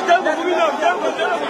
Jangan, jangan, jangan.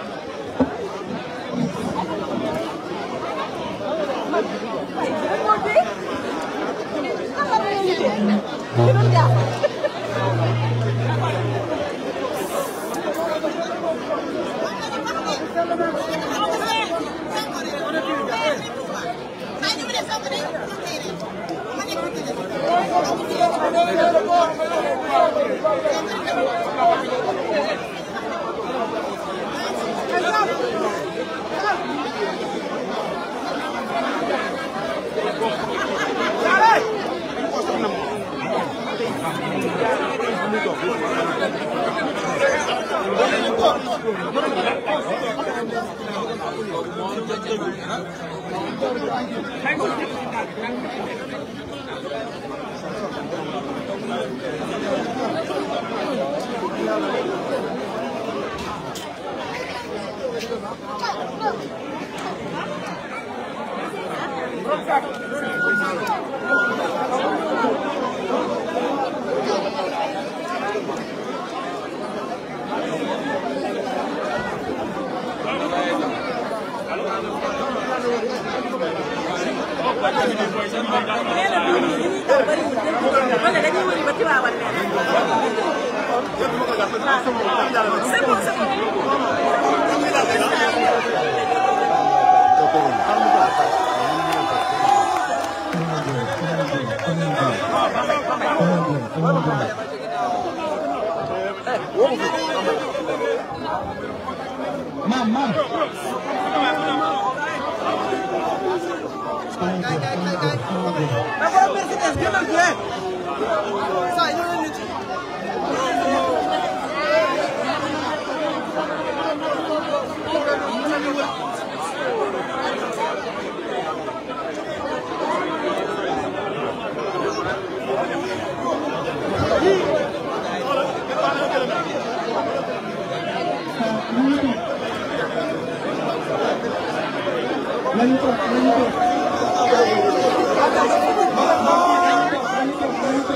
Thank you. Mam, mam. Kay, kay, kay, kay. Dafa am Mercedes, gëmal ko. Sa, Lên cục, lên cục.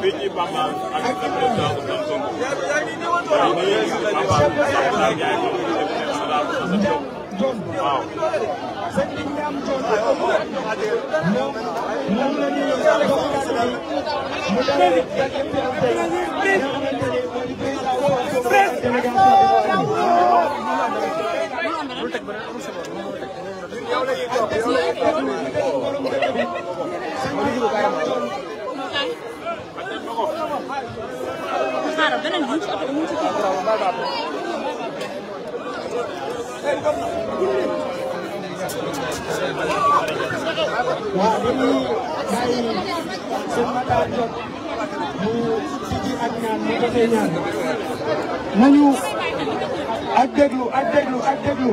Bini Bama avec le président de Tantongo. Bini Bama avec le président de waaw moom la ñuy xaaral beneen bi ci oto mu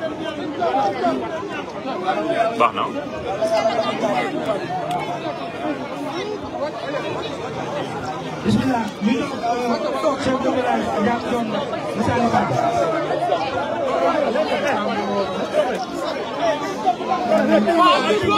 baax na bismillah ñu euh, toog chef de village jàpp doon Missaly Ba Thank you.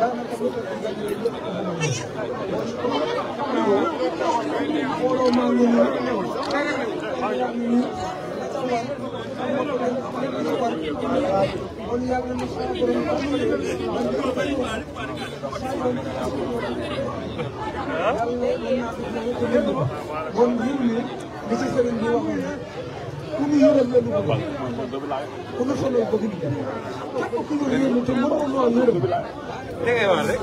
kon ñun ñi li ci sëriñ bi waxoon ku ñu yërëm la ñu bëgg ku ñu sonal bëgg ñu képp ku ñu yërëm te mënoo noo yërëm da ngay wax rek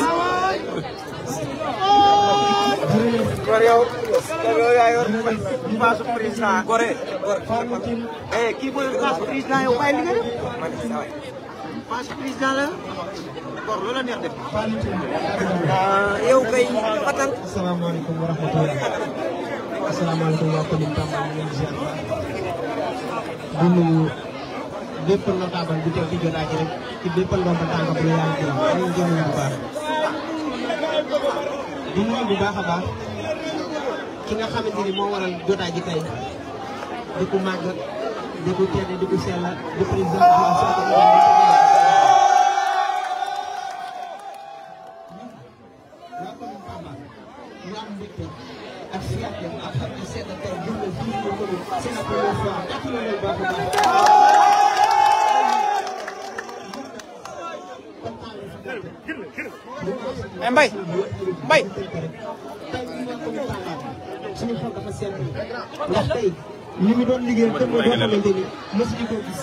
sawaay góor yow yow yaa yor paasu président gore eh kii mooy paasu président yow bàyyi li nga def paasu président la góor loola neex def ah, yow kay fatal asalaamaaleykum wa rahmatulah Assalamualaikum warahmatullahi wabarakatuh. di nuyu siapa? dulu bu teew ci jotaay ci rek ci bépp ndomba tànk bu yaa di nuyu bu baax a baax ki nga xamante ni di di di di Thank you akhlak yang akan saya tetap dulu dulu dulu saya nak perlu faham aku nak bawa Em baik, baik. Sama xol dafa seen ndax tey ñu ngi doon liggéey te mu doon xamante ni mosuñu ko gis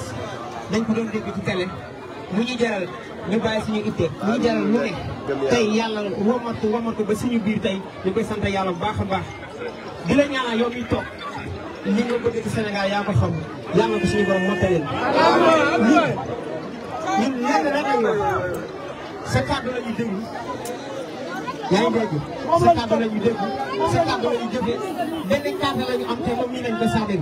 dañ ko doon dégg ci télé mu ñu jaral ñu bàyyi suñu itte mu ñu jaral lu ne tey yàlla womatu womatu ba suñu biir tey ñu koy sant yàlla bu baax a baax di la ñaanal yow toog li nga bëgg ci Sénégal yaa ko xam yàlla ko suñu borom mottaleel ñun ñun lenn rek lañ sa kàddu la ñu yaa ngi dégg sa kàddu la ñu déglu sa kàddu la ñu jëfee benn kàddu la am te moom mii lañ ko sàddee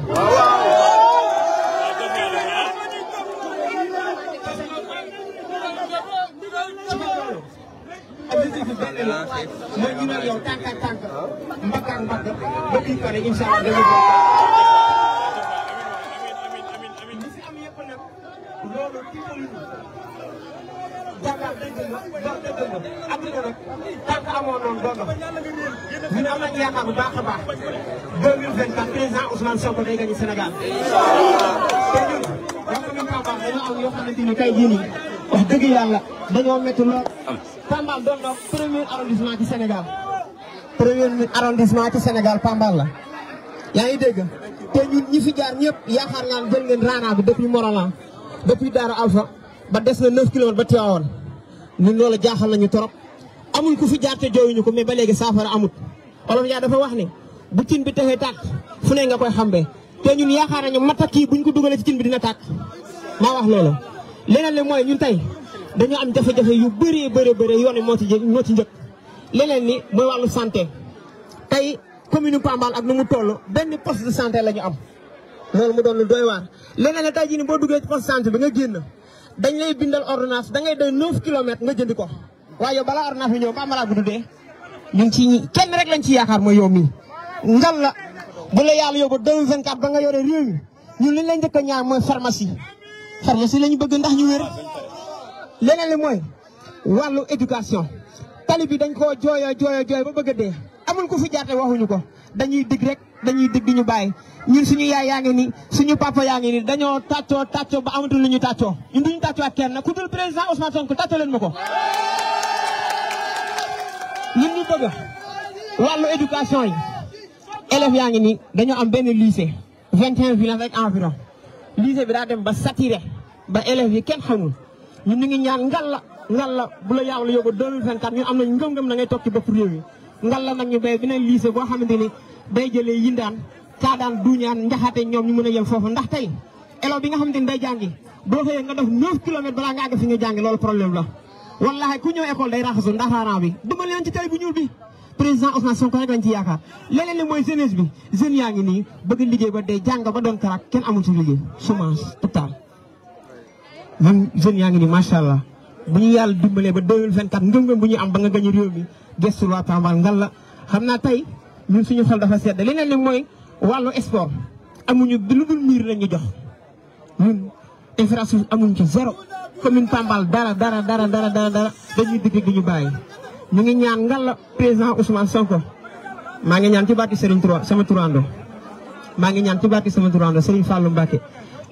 objectif bi benn la mooy ñu ne yow tànk ak tànk mbagg ak mbagg ba kii ko ne incha allah dama ko. li si am yëpp nag loolu tiitaluñu Dakar dëgg la dox dëgg la Afrique nag tànk amoon noonu doon dox ñun am nañu yaakaar bu baax a baax 2024 président Ousmane Sonko day gagné Sénégal. te ñun wax dëgg Pambal dañoo am yoo xamante ni tey jii nii. wax dëgg yàlla dañoo métti lool. Pambal doon na premier arrondissement ci Sénégal. premier arrondissement ci Sénégal Pambal la. yaa ngi dégg te ñun ñi fi jaar ñëpp yaakaar naa jël ngeen raanaa bi depuis Morolan depuis Daara Alpha ba des na 9 kilomètres ba Tivaouane ñun loolu jaaxal nañu trop. amul ku fi jaar te jooyuñu ko mais ba léegi saafara amut olof yaa dafa wax ne bu cin bi taxee tàkk fu ne nga koy xambee te ñun yaakaar nañu matakii buñ ko dugalee ci cin bi dina tàkk maa wax loolu. leneen le moy ñun tay dañu am jafé jafé yu bëré bëré bëré yoon mo ci mo ci ñëk leneen ni moy walu santé tay commune Pambal ak nu tollu benn poste de santé lañu am loolu mu doon lu doy waar leneen la tey jii ni bo duggé ci poste santé bi nga genn dañ lay bindal ordonnance da ngay doy 9 km nga jënd ko waaye bala ordonnance bi ñëw Pambal ak duddé ñu ngi ci kenn rek lañ ci yaakaar mooy yow mi ngal la bu la yalla yobu 2024 ba nga yoré réew mi ñun li lañ jëk ñaar mooy pharmacie pharmacie la ñu bëgg ndax ñu wér leneen li mooy wàllu éducation tali bi dañ koo jooyoo jooyoo jooy ba bëgg a dee amul ku fi jaarte waxuñu ko dañuy dig rek dañuy dig ñu bàyyi ñun suñu yaay yaa ngi ni suñu papa yaa ngi ni dañoo tàccoo tacco ba amatul lu ñu tàccoo ñun duñu tàccoo ak kenn ku dul président Ousmane Sonko tàccoo leen ma ko ñun ñu bëgg wàllu éducation yi élèves yaa ngi ni dañoo am benn lycée vingt et un villages rek environ lycée bi daa dem ba saturé ba élèves yi kenn xamul ñun ñu ngi ñaan ngalla ngalla bu la yàlla yóbbu 2024 ñun am nañ ngëm-ngëm na ngay toog ci bopp réew mi ngalla nag ñu béy beneen lycée boo xamante ni day jëlee yindaan kaadaan duuñaan njaxaate ñoom ñu mën a yem foofu ndax tey élève bi nga xamante ni day jàngi boo xëyee nga def 9 kilomètres balaa nga àgg fi nga jàngi loolu problème la wallaahi ku ñëw école day raxasu ndax raaraan bi duma leen ci président Ousmane Sonko rek lañ ci yaaka leneen li moy jeunesse bi jeune yaangi ni bëgg liggéey ba dee jang ba doon karak kenn amu ci liggéey chômage total ñun jeune yaangi ni machallah bu ñu yalla dimbalé ba 2024 ngëm-ngëm bu ñu am ba nga gañu réew mi gestu waa Tambal ngal la xamna tay ñun suñu xol dafa sédd leneen li moy walu sport amuñu lu dul miir lañu jox ñun infrastructure amuñu ci zéro commune Tambal dara dara dara dara dara dañuy digg di ñu bàyyi mu ngi ñaan ngal président Ousmane Sonko ma ngi ñaan ci barki Serigne sama turando ma ngi ñaan ci barki sama turando Serigne Fallou Mbacké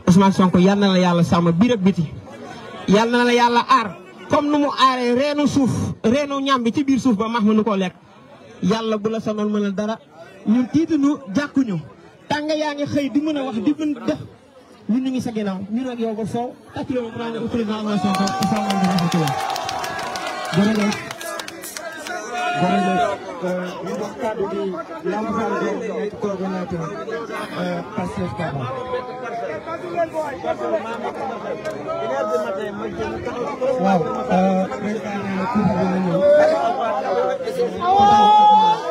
Ousmane Sonko yal na la yalla sam biir ak biti yal na la yalla ar comme nu mu aré reenu souf reenu ñam bi ci biir souf ba max nuko nu yalla bu la sonal mënal dara ñun ñu jakku ñu tanga yaangi xey di mëna wax di bën def ñu ngi sa gënaaw ñu rek yow ko fo yow président Ousmane Sonko Ousmane Sonko Gracias. dans le ndox kàddu gi Lamp Fall Dior nekk coordonnateur Pastef Kaba. waaw président nee na couvre-feu bi na ñëw.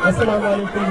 Assalamu alaikum.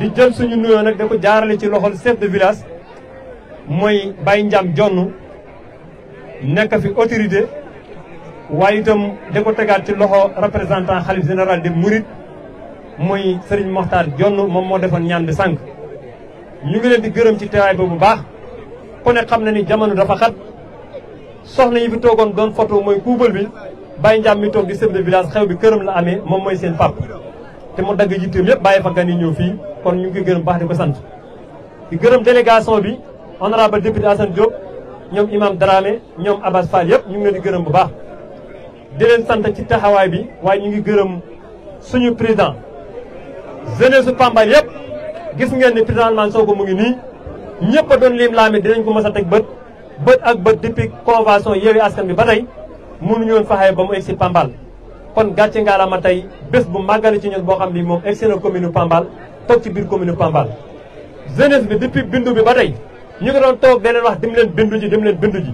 di jël suñu nuyoo nag da ko jaarale ci loxol chef de village mooy Baye Ndiam Jonn nekk fi autorité waaye itam da ko tegaat ci loxo représentant xalif général de Mouride mooy Serigne Mokhtar Jonn moom moo defoon ñaan bi sànq. ñu ngi leen di gërëm ci teewaay boobu bu baax ku ne xam na ni jamono dafa xat soxna yi fi toogoon doon photo mooy kuubal bi Baye Ndiam mi toog di chef de village xew bi kërëm la amee moom mooy seen pap te mu dagg jitteem yëpp bàyyi fa gan ñëw fii. kon ñu ngi koy gërëm baax di ko di gërëm délégation bi honorable député Assane Diop ñom imam Dramé ñom Abbas Fall yépp ñu ngi di gërëm bu baax di leen sant ci taxaway bi way ñu ngi gërëm suñu président jeunesse su Pambal yépp gis ngeen ni président man soko mu ngi ni ñëpp doon lim laame dinañ ko mësa tek bëtt bëtt ak bëtt depuis convention Askan bi ba tay mënu ñu faxee ba mu exi Pambal kon gàcce ma tay bés bu magal ci ñun bo xam ni commune Pambal toog ci biir commune Pambal jeunesse bi depuis bindu bi ba tey ñu ngi doon toog beneen wax dem leen bindu ji dem leen bindu ji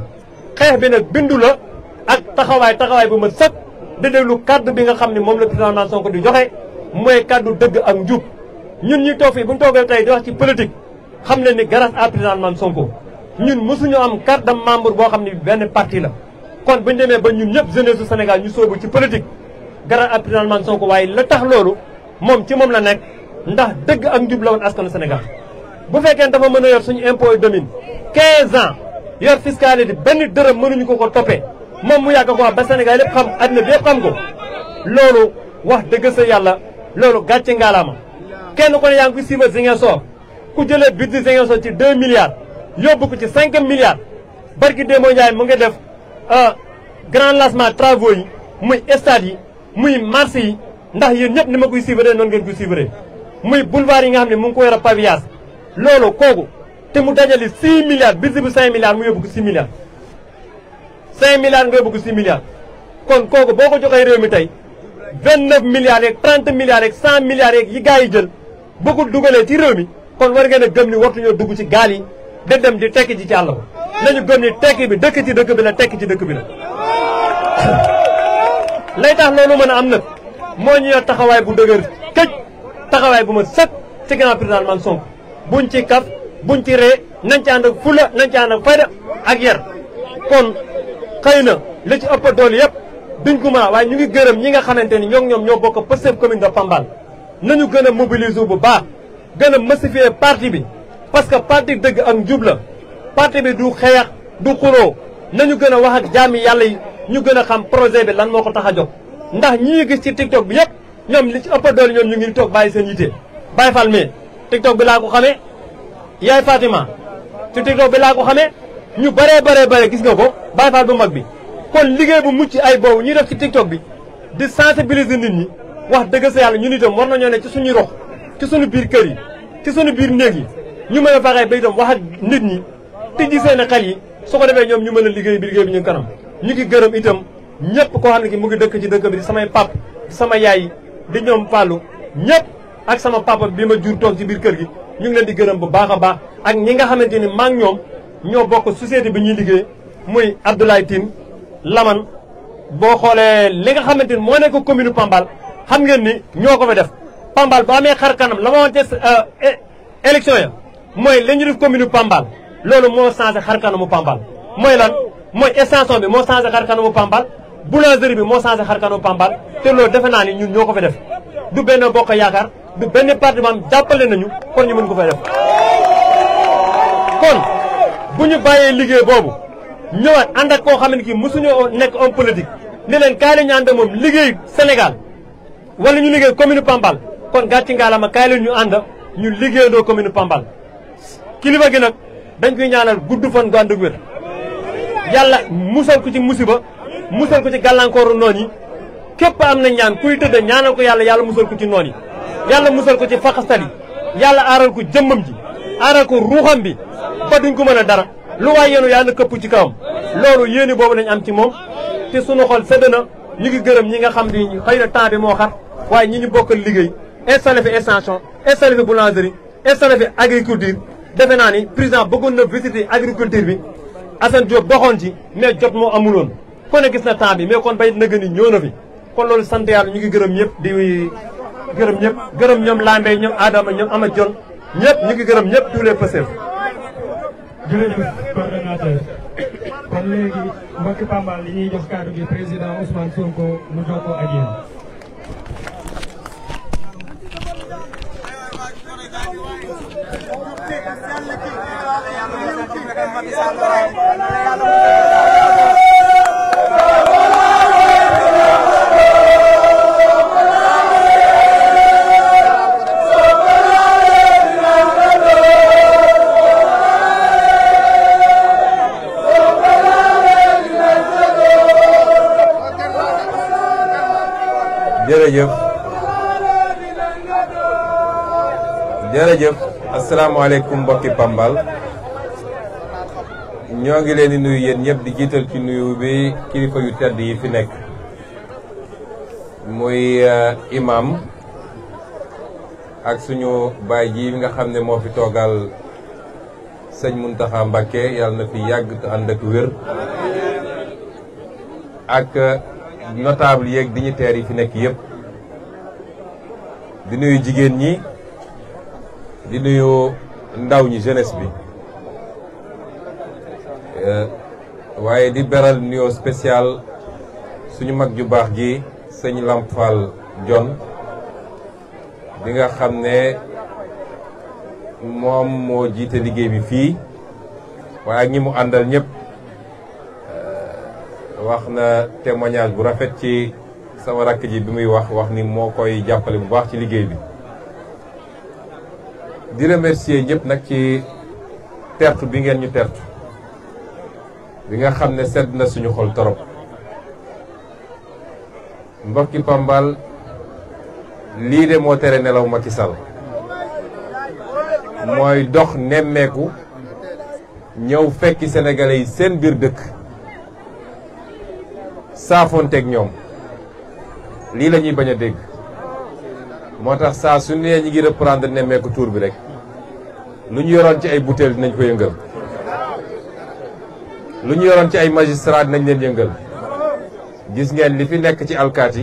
xeex bi nag bindu la ak taxawaay taxawaay bu ma sëkk di lu kaddu bi nga xam ne moom la président Sonko di joxe mooy kàddu dëgg ak njub ñun ñi toog fii bu ñu toogee tey di wax ci politique xam ne ni grâce à président Sonko ñun mosuñu am carte de membre boo xam ne benn parti la kon bu ñu demee ba ñun ñëpp jeunesse su Sénégal ñu soobu ci politique grâce à président Sonko waaye la tax loolu moom ci moom la nekk ndax dëgg ak njub la woon askanu bu fekkee dafa mën a yor suñu impôt yu domine 15 ans yor fiscalité benn dërëm mënuñu ko ko toppee moom mu yàgg ko wax ba Sénégal yëpp xam àddina bi yëpp xam ko loolu wax dëgg sa yàlla loolu gàcce ngaalaama kenn ku ne yaa ngi ko siiba ku jëlee budget Ziguinchor ci 2 milliards yóbbu ko ci 5 milliards barki Demba Ndiaye mu ngi def euh, grand lancement travaux yi muy stade yi muy marché yi ndax yéen ñëpp ni ma koy suivre noonu ngeen koy suivre. muy boulevard yi nga xam ne mu ngi ko yor a pavillage loolu kooku te mu dajale 6 milliards bis bu 5 milliards mu yóbbu ko 6 milliards 5 milliards nga yóbbu ko 6 kon kooku boo ko joxee réew mi tey 29 milliards yeeg 30 milliards yeeg 100 milliards yi gars yi jël bëggul dugalee ci réew mi kon war ngeen a gëm ni wartuñoo dugg ci gaal yi da dem di tekki ji ci àll ba nañu gëm ni tekki bi dëkk ci dëkk bi la tekki ci dëkk bi la lay tax loolu mën a am nag moo ñu yor taxawaay bu dëgër këj taxawaay bu ma sëkk ci ginnaaw président man Sonko buñ ci kaf buñ ci ree nañ ci ànd ak nañ ci ànd ak fayda ak yar kon xëy na li ci ëpp dool yëpp duñ ko mën waaye ñu ngi gërëm ñi nga xamante ni ñoo ñoom ñoo bokk Pastef commune de Pambal nañu gën a mobiliser bu baax gën a massifier parti bi parce que parti dëgg ak njub la parti bi du xeex du xuloo nañu gën a wax ak jaami yàlla yi ñu gën a xam projet bi lan moo ko tax a jóg ndax ñii gis ci TikTok bi yëpp ñoom li ci ëpp doole ñoom ñu ngi toog bàyyi seen yite bàyyi fal mais tiktok bi laa ko xamee yaay Fatima ci tiktok bi laa ko xamee ñu bëree bëree bëri gis nga ko bàyyi fal bu mag bi. kon liggéey bu mucc ay boobu ñuy def ci tiktok bi di sensibiliser nit ñi wax dëgg sa yàlla ñun itam war nañoo ne ci suñu rox ci suñu biir kër yi ci suñu biir néeg yi ñu mën a fexee ba itam wax ak nit ñi tijji seen xal yi su ko defee ñoom ñu mën a liggéey bi liggéey bi ñu kanam ñu ngi gërëm itam ñëpp ko xam ki mu ngi dëkk ci dëkk bi di samay pap di sama di ñoom Fallou ñëpp ak sama papa bi ma jur toog ci biir kër gi ñu ngi leen di gërëm bu baax a baax ak ñi nga xamante ni maa ngi ñoom ñoo bokk société bi ñuy liggéey muy Abdoulaye Tine Laman boo xoolee li nga xamante ni moo nekk commune Pambal xam ngeen ni ñoo ko fa def Pambal bu amee xar kanam la ma woon euh, ya mooy li ñu def commune Pambal loolu moo changé xar kanamu Pambal mooy lan mooy extension bi moo changé xar kanamu Pambal boulangerie bi moo changé xar kanam Pambal te loolu defe naa ni ñun ñoo ko fa def du benn bokk yaakaar du benn parti am jàppale nañu kon ñu mën ko fay def. kon bu ñu bàyyee liggéey boobu ñëwaat ànd ak koo xam ne kii mosuñoo nekk homme politique ne leen kaay la ñu ànd moom liggéey Sénégal wala ñu liggéey commune Pambal kon gàcce ngaalama kaay la ñu ànd ñu liggéeyandoo commune Pambal kilifa gi nag dañ koy ñaanal gudd fan gu ànd ak yàlla musal ko ci musiba. musal ko ci gàllankooru noon yi képp am na ñaan kuy tëdd ñaanal ko yàlla yàlla musal ko ci noon yi yàlla musal ko ci faxasal yi yàlla aaral ko jëmmam ji aaral ko ruuxam bi ba duñ ko mën a dara lu waay yéenu yàlla këpp ci kawam loolu yéene boobu lañ am ci moom te suñu xol sedd na ñu ngi gërëm ñi nga xam di xëy na temps bi moo xat waaye ñi ñu bokkal liggéey installé fi extension installé fi boulangerie installé agriculture defe naa ni président bëggoon na visiter agriculture bi Assane Diop doxoon ci mais jot moo amuloon kone gis na temps bi mais kon bay na gën ñono fi kon lolu sante yalla ñu ngi gërëm ñëpp di gërëm ñëpp gërëm ñom Lambe ñom Adama ñom ama Dione ñëpp ñu ngi gërëm ñëpp tous les Pastef. kon jërëjëf jërëjëf asalaamaaleykum mbokki Pambal ñoo ngi leen di nuyu yéen ñëpp di jiital ci nuyu bi kilifa yu tedd yi fi nekk muy eh, imam ak suñu baay ji nga xam ne moo fi toogal sëñ Muntaxa Mbàkke yàlla na fi yàgg ak notable yeeg dignitaire yi fi nek yeb di nuyu jigen ñi di nuyu ndaw ñi jeunesse bi euh, waye di beral nuyu spécial suñu mag ju bax gi señ lampfal John di nga xamne mom mo jité liggéey bi fi waye ak ñi mu andal ñep wax na témoignage bu rafet ci sama rakk ji bi muy wax wax ni moo koy jàppale bu baax ci liggéey bi di remercier ñëpp nag ci tertu bi ngeen ñu tertu bi nga xam ne sedd na suñu xol torop mbokki Pambal lii de moo tere nelaw Macky Sall mooy dox nemmeeku ñëw fekki sénégalais yi seen biir dëkk saafoonteeg ñoom lii lañuy bañ a dégg moo tax saa su nee ñi ngi reprendre nemmeeku tuur bi rek lu ñu yoroon ci ay butéel dinañ ko yëngal lu ñu yoroon ci ay magistrat dinañ leen yëngal gis ngeen li fi nekk ci alkaat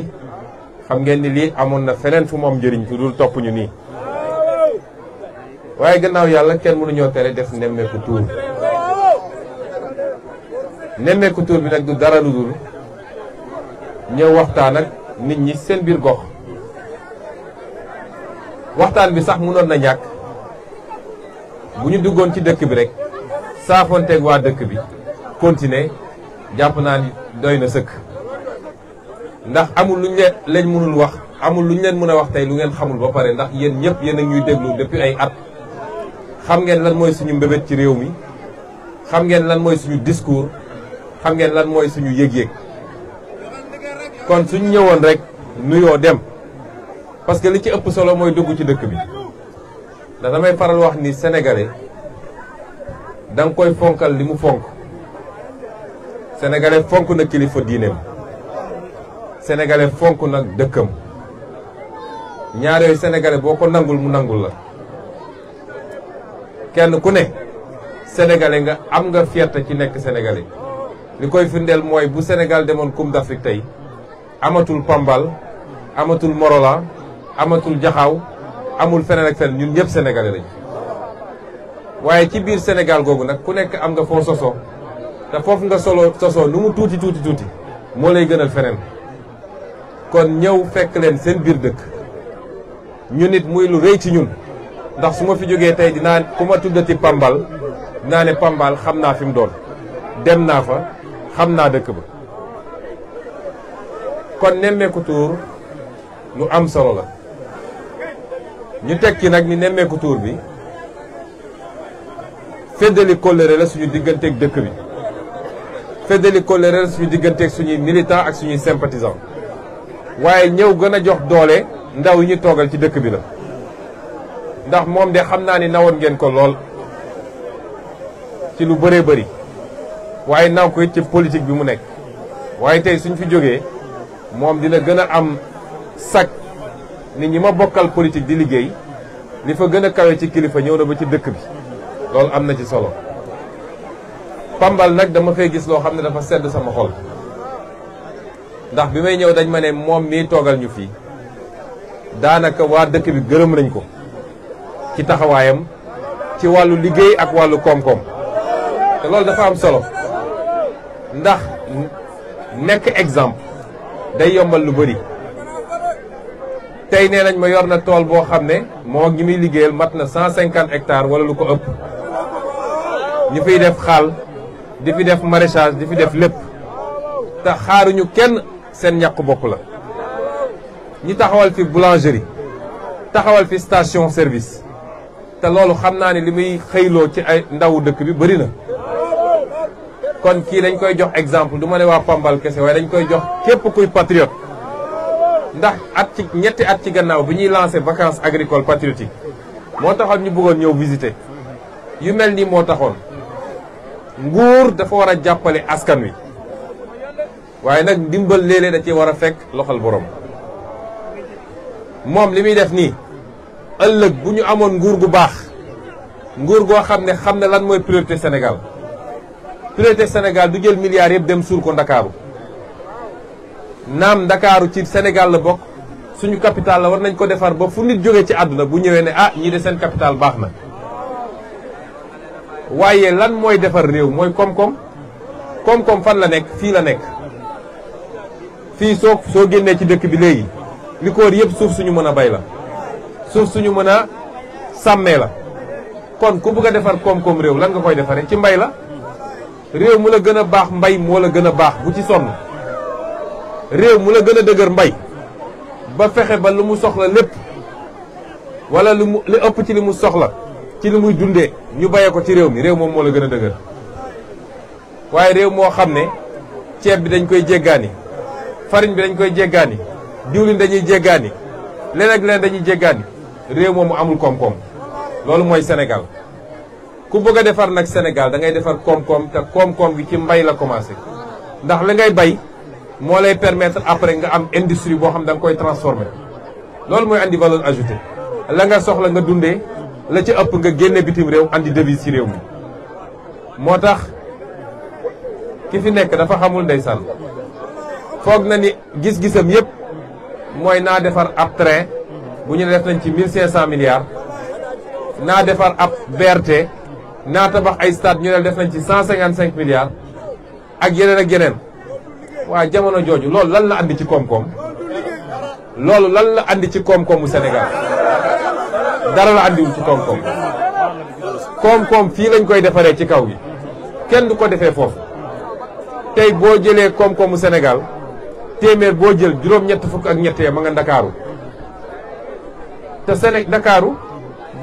xam ngeen ni lii amoon na feneen fu moom njëriñ ku dul topp nii waaye gannaaw yàlla kenn mënuñoo tere def nemmeeku tour nemmeeku bi nag du dara lu dul ñëw waxtaan ak nit ñi seen biir gox waxtaan bi sax mënoon na ñàkk bu ñu duggoon ci dëkk bi rek teg waa dëkk bi continuer jàpp naa ni doy na sëkk ndax amul luñ leen lañ mënul wax amul lu ñu leen mën a wax tey lu ngeen xamul ba pare ndax yéen ñëpp yéen a ñuy déglu depuis ay at xam ngeen lan mooy suñu mbébét ci réew mi xam ngeen lan mooy suñu discours xam ngeen lan mooy suñu yëg-yëg kon suñ ñëwoon rek nuyoo dem parce que li ci ëpp solo mooy dugg ci dëkk bi ndax damay faral wax ni sénégalais da koy fonkal li mu fonk sénégalais fonk na kilifa diineem sénégalais fonk na dëkkam ñaare yooyu sénégalais boo ko nangul mu nangul la kenn ku ne sénégalais nga am nga fierté ci nekk sénégalais li koy firndeel mooy bu senegal demoon Coupe d'Afrique tey amatul Pambal amatul Morola amatul jaxaw amul feneen ak feneen ñun ñëpp sénégalais lañu waaye ci biir Sénégal googu nag ku nekk am nga foo soso te foofu nga solo soso lu mu tuuti tuuti tuuti moo lay gënal feneen kon ñëw fekk leen seen biir dëkk ñu nit muy lu rëy ci ñun ndax su ma fi jógee tey dinaa ku ma tuddati Pambal dinaa ne Pambal xam naa fi mu doon dem naa fa xam naa dëkk ba kon nemmeeku tuur lu am solo la ñu teg ci nag ni nemmeeku tuur bi feddali kóllëre la suñu digganteeg dëkk bi feddali kóllëre la suñu digganteeg suñuy militant ak suñuy sympathisant waaye ñëw gën a jox doole ndaw yi ñu toogal ci dëkk bi la ndax moom de xam naa ni nawoon ngeen ko lool ci lu bëree bari waaye naw ko ci politique bi mu nekk waaye tey suñ fi jógee moom dina gën a am sac nit ñi ma bokkal politique di liggéey li fa gën a kawe ci kilifa ñëw na ba ci dëkk bi loolu am na ci solo Pambal nag dama fay gis loo xam ne dafa sedd sama xol ndax bi may ñëw dañ ma ne moom mii toogal ñu fii daanaka waa dëkk bi gërëm nañ ko ci taxawaayam ci wàllu liggéey ak wàllu koom-koom te loolu dafa am solo ndax nekk exemple day yombal lu bëri tay nee nañ ma yor na tool boo xam ne ngi mi liggéeyal matna 150 hectares wala lu ko upp ñu fi def xal di fi def maraîchage di fi def lépp te xaaruñu kenn sen ñàkku bokku la ñi taxawal fi boulangerie taxawal fi station service ta lolu xamna ni limay xeylo ci ay ndawu dëkk bi bëri na kon kii dañ koy jox exemple du ma ne waa Pambal kese waaye dañ koy jox képp kuy patriote ndax at ci ñetti at ci gannaaw bi ñuy lancé vacances agricole patriotiques moo taxoon ñu bëggoon ñëw visité yu mel nii moo taxoon nguur dafa war a jàppale askan wi waaye nag ndimbal léeg-léeg da war a fekk loxol boroom moom li muy def nii ëllëg bu ñu amoon nguur gu baax nguur goo xam ne xam ne lan mooy priorité Sénégal priorité Sénégal du jël milliards yëpp dem suur ko ndakaaru naam ndakaaru ci Sénégal la bokk suñu capital la war nañ ko defar ba fu nit jógee ci àdduna bu ñëwee ne ah ñii de seen capital baax na waaye lan mooy defar réew mooy koom-koom koom-koom fan la nekk fii la nekk fii soo soo génnee ci dëkk bi léegi li ko wër yëpp suuf suñu mën a bay la suuf suñu mën a sàmmee la kon ku bëgg a defar koom-koom réew lan nga koy defaree ci mbay la réew mu la gën a baax mbay moo la gën a baax bu ci sonn réew mu la gën a dëgër mbay ba fexe ba lu mu soxla lépp wala lu mu li ëpp ci li mu soxla ci li muy dundee ñu bayee ko ci réew mi réew moom moo la gën a dëgër waaye réew moo xam ne ceeb bi dañ koy jéggaani fariñ bi dañ koy jéggaani diwlin dañuy jéggaani leneen ak dañuy jéggaani réew mu amul koom-koom loolu mooy Sénégal ku bëgg a defar nag Sénégal da ngay defar koom-koom te koom-koom gi ci mbay la commencé ndax li ngay bay moo lay permettre après nga am industrie boo xam da nga koy transformé loolu mooy indi valeur ajoutée la nga soxla nga dundee la ci ëpp nga génne bitim réew andi devise ci réew mi moo tax ki fi nekk dafa xamul ndeysaan foog na ni gis-gisam yëpp mooy naa defar ab train bu ñu ne def nañ ci 1500 milliards naa defar ab BRT naa tabax ay stade ñu ne def nañ ci 155 milliards ak yeneen ak yeneen waa jamono jooju loolu lan la andi ci koom-koom loolu lan la andi ci koom-koomu dara la andiwul koom-koom koom fii lañ koy defaree ci kaw gi kenn du ko defee foofu tey boo jëlee koom-koomu Sénégal téeméer boo jël juróom-ñett fukk ak ñett ya ma nga ndakaaru te Séné ndakaaru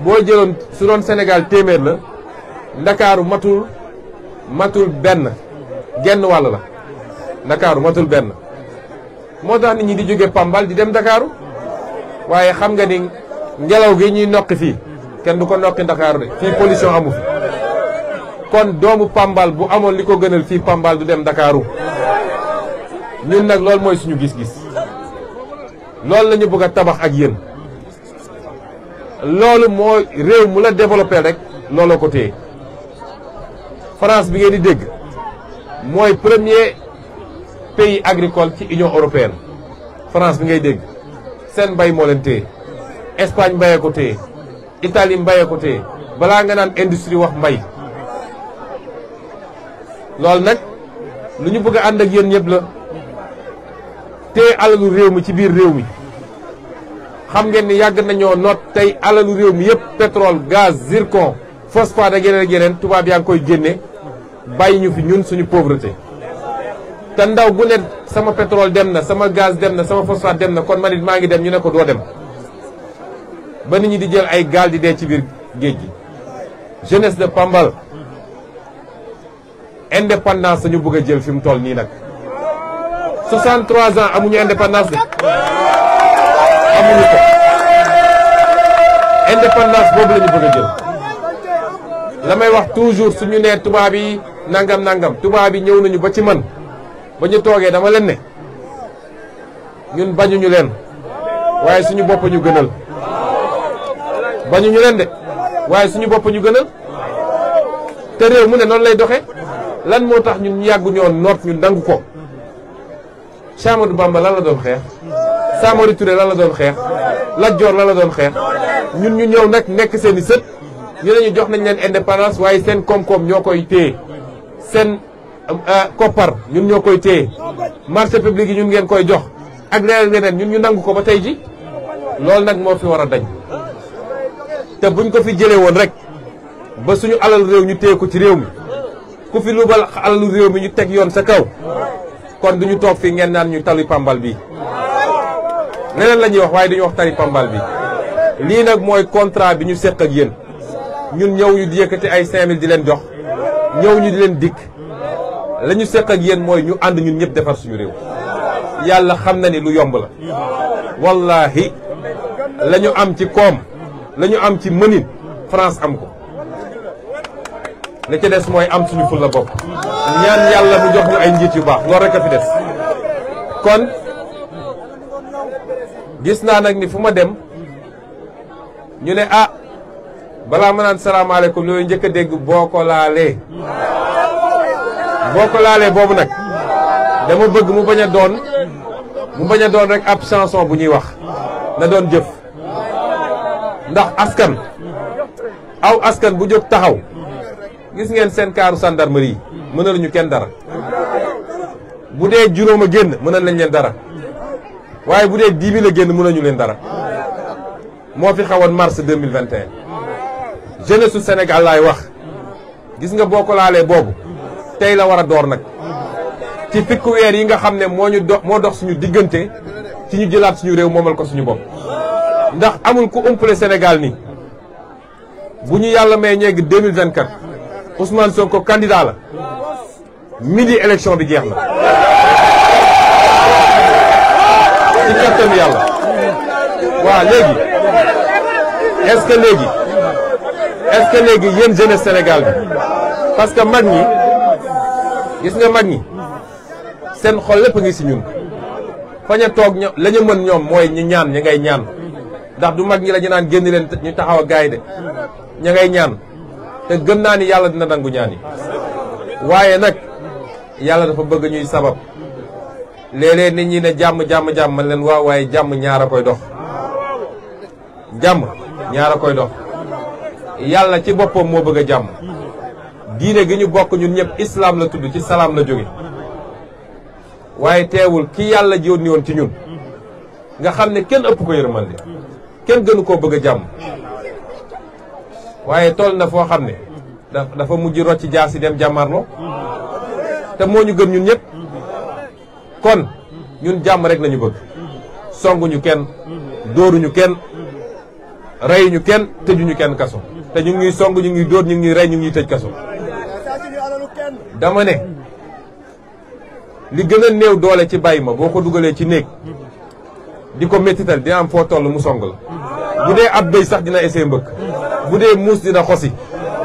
boo jëloon su doon Sénégal téeméer la. ndakaaru matul matul benn genn wàll la ndakaaru matul benn moo tax nit ñi di jóge Pambal di dem ndakaaru waaye xam nga ni ngelaw gi ñuy noqi fii kenn du ko noqi ndakaaru de fii pollution amu fi kon doomu Pambal bu amoon li ko gënal fii Pambal du dem ndakaaru ñun nag loolu mooy suñu gis-gis loolu lañu ñu bëgg a tabax ak yéen loolu moo réew mu la développé rek looloo ko téye France bi ngeen di dégg mooy premier pays agricole ci Union européenne France bi ngay dégg seen mbay moo leen téye Espagne mbayee ko téye Italie mbayee ko téye balaa nga naan industrie wax mbay loolu nag lu ñu bëgg a ànd ak yéen ñëpp la téye alalu réew mi ci biir réew mi xam ngeen ni yàgg nañoo noot tey alalu réew mi yépp pétrole gaz zircon phosphate ak yeneen ak yeneen tubaab yaa ngi koy génne bàyyi ñu fi ñun suñu pauvreté te ndaw gu ne sama pétrole dem na sama gaz dem na sama phosphate dem na kon man maa ngi dem ñu ne ko doo dem ba nit ñi di jël ay gaal di dee ci biir géej gi jeunesse de Pambal indépendance dañu bëgg a jël fi mu toll nii nag 63 ans amuñu indépendance de amuñu ko indépendance boobu la ñu a jël la may wax toujours suñu nee tubaab yi nangam nangam tubaab bi ñëw nañu ba ci man ba ñu toogee dama leen ne ñun bañuñu leen waaye suñu bopp ñu gënal bañuñu leen de waaye suñu bopp ñu gënal te réew mu ne noonu lay doxe lan moo tax ñun yàggu ñoo noot ñu nangu ko Chamadou Bamba lan la doon xeex Samori ture la la doon xeex Lat Joor lan la doon xeex ñun ñu ñëw nag nekk seen i sët ñu ne ñu jox nañ leen indépendance waaye seen koom-koom ñoo koy téye seen euh, koppar ñun ñoo koy téye marché public yi ñun ngeen koy jox ak leneen leneen ñun ñu nangu ko ba tey ji loolu nag moo fi war a dañ te buñ ko fi jëlee woon rek ba suñu alal réew ñu téye ko ci réew mi ku fi lubal alalu réew mi ñu teg yoon sa kaw kon duñu toog fii ngeen naan ñu tali pambal bi leneen lañuy wax waaye duñu wax tali pambal bi lii nag mooy contrat bi ñu seq ak yéen ñun ñëw ñu di yëkkati ay 5000 di leen jox ñëw ñu di leen dikk la ñu seq ak yéen mooy ñu ànd ñun ñëpp defar suñu réew yàlla xam na ni lu yomb la wallaahi la ñu am ci koom lañu am ci mënin France am ko la ca des mooy am suñu fulla bopp ñaan yàlla mu jox ñu ay njiit yu baax loolu rekk a fi des kon gis naa nag ni fu ma dem ñu ne ah bala ma nan salam aleikum loy a dégg boko ko boko boo bobu nak dama bëgg mu baña doon mu baña doon rek absence bu ñuy wax na doon jëf ndax askan aw askan bu jóg taxaw gis ngeen sen kaaru gendarmerie lañu kenn dara bu dee juróom a génn mënal leen dara waye bu dee dix mille a génn mënañu leen dara mo fi xawon mars 2021 jeunesse su Sénégal laay wax gis nga boo ko laalee boobu tey la war a door nag ci fikku weer yi nga xam ne moo ñu dox moo dox suñu diggante ci ñu jëlaat suñu réew moomal ko suñu bopp. ndax amul ku umpale Sénégal nii bu ñu yàlla may ñeeg 2024 Ousmane Sonko candidat la midi élection bi jeex la ci kattanu yàlla waaw léegi est-ce que léegi. est léegi yéen jeunesse senegal bi parce que mag ñi gis nga mag ñi seen xol lépp ngi si ñun fañ a toog ño la mën ñoom mooy ñu ñaan ña ngay ñaan ndax du mag ñi la ñu naan génn leen ñu taxaw a gaay de ña ngay ñaan te gën naa ni yàlla dina nangu ñaan yi waaye nag yàlla dafa bëgg ñuy sabab léeg-léeg nit ñi ne jàmm jàmm jàmm leen waaw waaye jàmm ñaar a koy dox jàmm ñaar a koy dox yàlla ci boppam moo bëgg a jàmm diine gi ñu bokk ñun ñëpp islaam la tudd ci salaam la jóge waaye teewul ki yàlla yónni woon ci ñun nga xam ne kenn ëpp ko yërmande kenn gënu koo bëgg a jàmm waaye toll na foo xam ne dafa mujj rocci jaas si dem jàmmarloo te moo ñu gën ñun ñëpp kon ñun jàmm rek nañu bëgg songuñu kenn dóoruñu kenn reyuñu kenn tëjuñu kenn kaso té ñu ngi ñuy song ñu ngi ñuy ñu ngi ray ñu ngi ñuy kasso dama ne li gëna neew doole ci bayima ma duggalé ko dugalee ci néeg di ko métital dina am fo tollu mu song la bu ab béy sax dina essayé mbëkk budé mous dina xosi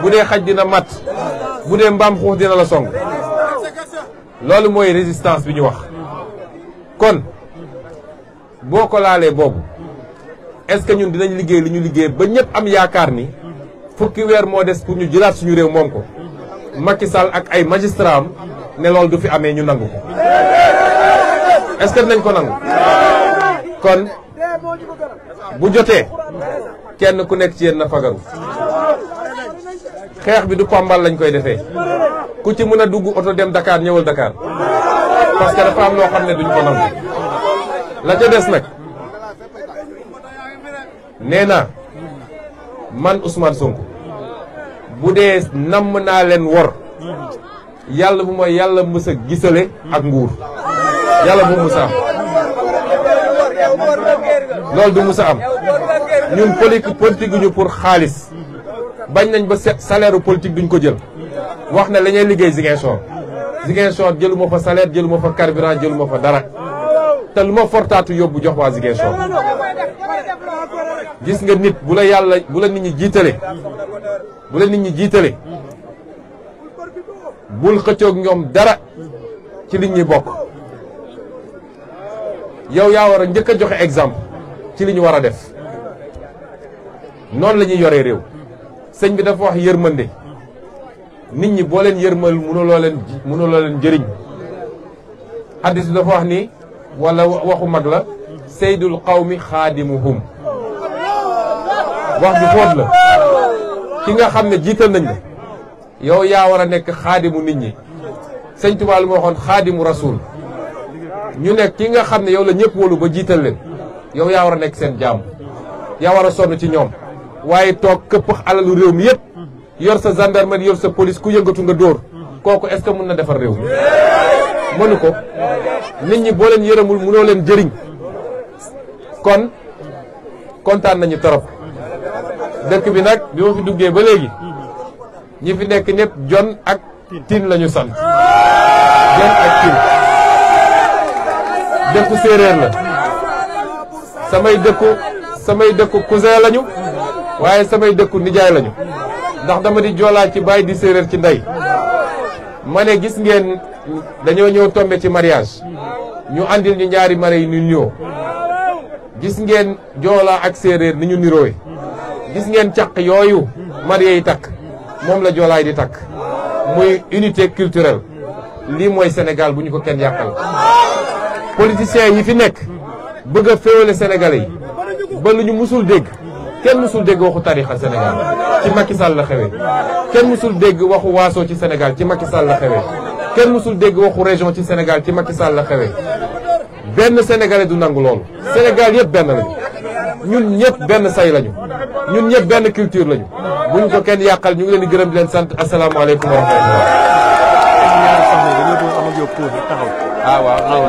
budé xaj dina mat budé mbam xox dina la song lolu moy résistance bi ñu wax kon boko laalé bobu est-ce que ñun dinañ liggéey li ñu liggéey ba ñepp am yaakar ni fukki weer mo des pour ñu jilat suñu rew mom ko Macky Sall ak ay magistrat ne lol du fi amé ñu nangu est-ce que ko nangu kon bu joté kenn ku nekk ci yeen na fagaru xex bi du pambal lañ koy défé ku ci mëna dugg auto dem Dakar ñëwal Dakar parce que dafa am lo xamné duñ ko nangu la ca dess nak nena man Ousmane Sonko bu dee namm naa leen wor yàlla bu ma yàlla mës gisale ak nguur yàlla bu mës am loolu du mës a am ñun politique politique ñu pour xaalis bañ nañ ba set salaire politique duñ ko jël wax na la ñuy liggéey Ziguinchor Ziguinchor jëluma fa salaire jëluma fa carburant jëluma fa dara te lu ma fortaatu yóbbu jox waa Ziguinchor gis nga nit bu la yàlla bu la nit ñi jiitale bu la nit ñi jiitale bul xëccoog ñoom dara ci li ñuy bokk yow yaa war a njëkk a joxe exemple ci li ñu war a def noonu la ñuy yoree réew sëñ bi dafa wax yërmande nit ñi boo leen yërmal mënuloo leen mënuloo leen jëriñ hadis bi dafa wax ni wala waxu mag la seydul qawmi xaadimuhum wax bi fóot la ki nga xam ne jiital nañ la yow yaa war a nekk xaadimu nit ñi sëñ Tuubaa lu ma waxoon xaadimu rasuul ñu nekk ki nga xam ne yow la ñëpp wóolu ba jiital leen yow yaa war a nekk seen jàmm yaa war a sonn ci ñoom waaye toog këpp alalu réew mi yëpp yor sa gendarmerie yor sa police ku yëngatu nga dóor kooku est-ce que mën na defar réew mi mënu ko nit ñi boo leen yërëmul mënoo leen jëriñ kon kontaan nañu torop dëkk bi nag bi ma fi duggee ba léegi ñi fi nekk ñëpp jon ak tin lañu ñu sant jon ak tin dëkku séeréer la samay dëkku samay dëkku cousin lañu waaye samay dëkku nijaay lañu ndax dama di joolaa ci baay di séeréer ci ndey ma ne gis ngeen dañoo ñëw tombe ci mariage ñu andil ñu ñaari mare yi ñu ñëw gis ngeen joolaa ak séeréer ni ñu niroowee gis ngeen caq yooyu marié yi takk moom la joolaay di takk muy unité culturelle lii mooy Sénégal bu ñu ko kenn yàqal politiciens yi fi nekk bëgg a féewale Sénégalais yi ba lu ñu musul dégg kenn musul dégg waxu tarixa Sénégal ci Macky Sall la xewee kenn musul dégg waxu waaso ci Sénégal ci Macky Sall la xewee kenn mësul dégg waxu région ci Sénégal ci Macky Sall la xewee benn sénégalais du nangu loolu Sénégal yëpp benn lañu ñun ñëpp benn say lañu ñun ñëpp benn culture lañu buñ ko kenn yàqal ñu ngi leen di gërëm leen sant asalaamaaleykum wa rahmatulah. ah waaw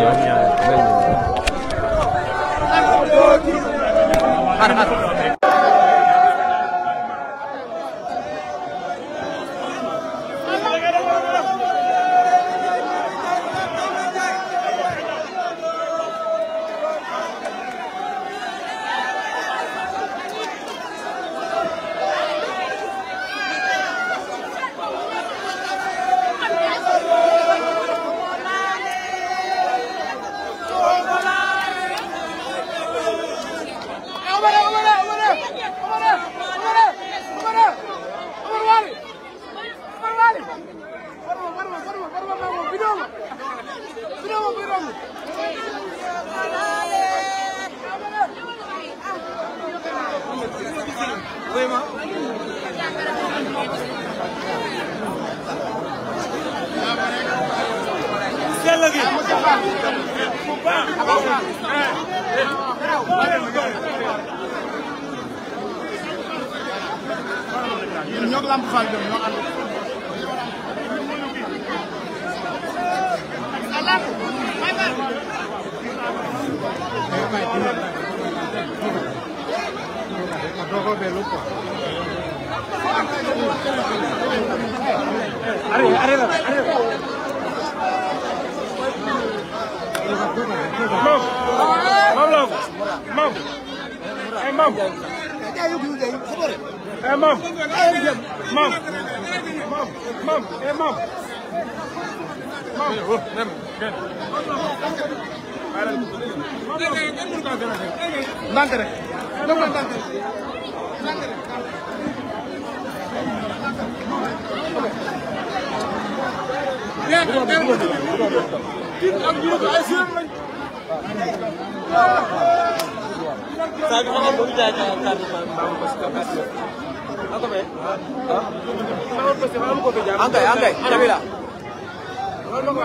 vraiment. sell gi bu baax ñoo lamp faal bi ñoo ànd Thank you. दोगो बेलू को अरे अरे अरे मम मम मम ए मम ए मम मम मम मम ए मम mom mom Angkai, angkai, Nabila. Kalau mau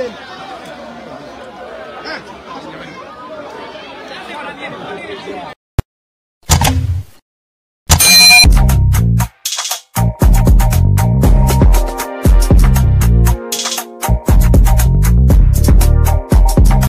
গেলেন